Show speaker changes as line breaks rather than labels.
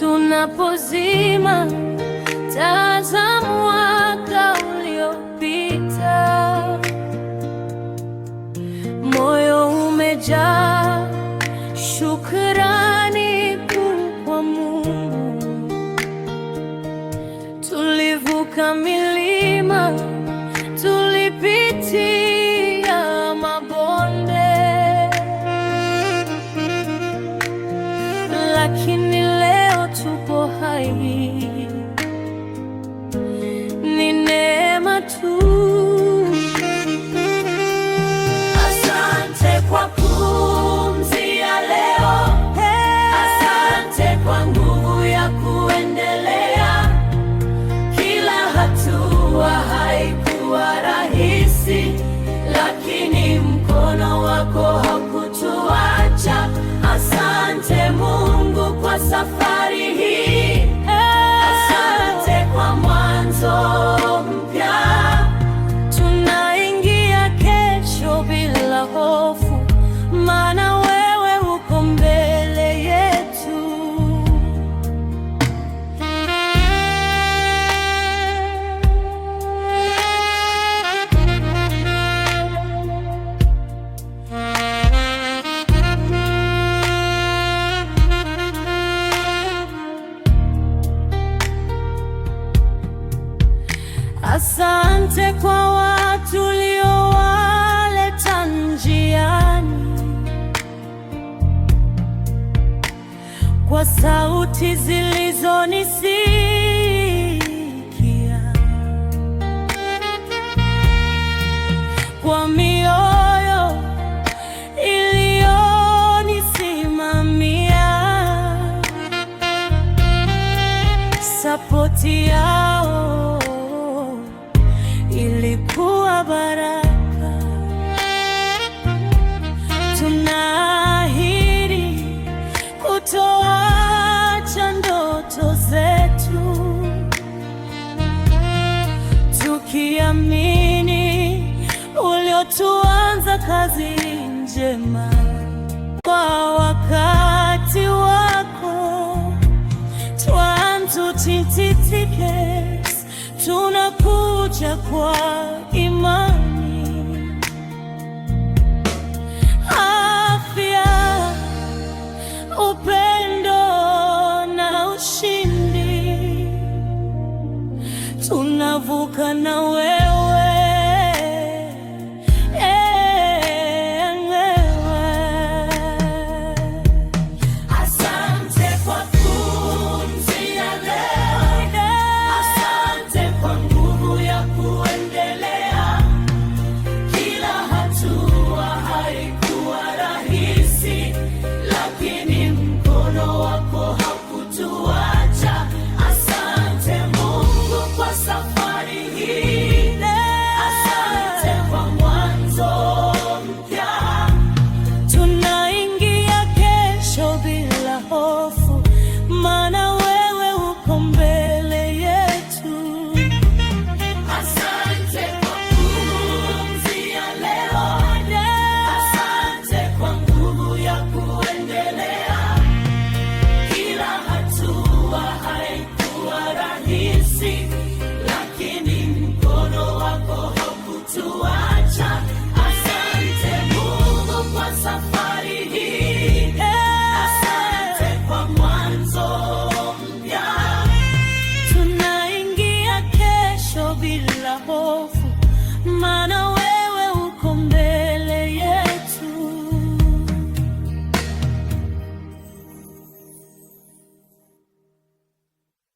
tunapozima taa za mwaka uliopita, moyo umejaa shukrani kuu kwa Mungu, tulivuka milima Asante kwa watu uliowaleta njiani, kwa sauti zilizonisikia, kwa mioyo iliyonisimamia, sapoti ya baraka, tunaahidi kutoacha ndoto zetu, tukiamini uliotuanza kazi njema kwa wakati wako Twanzu TTTCast tunakuja kwa mama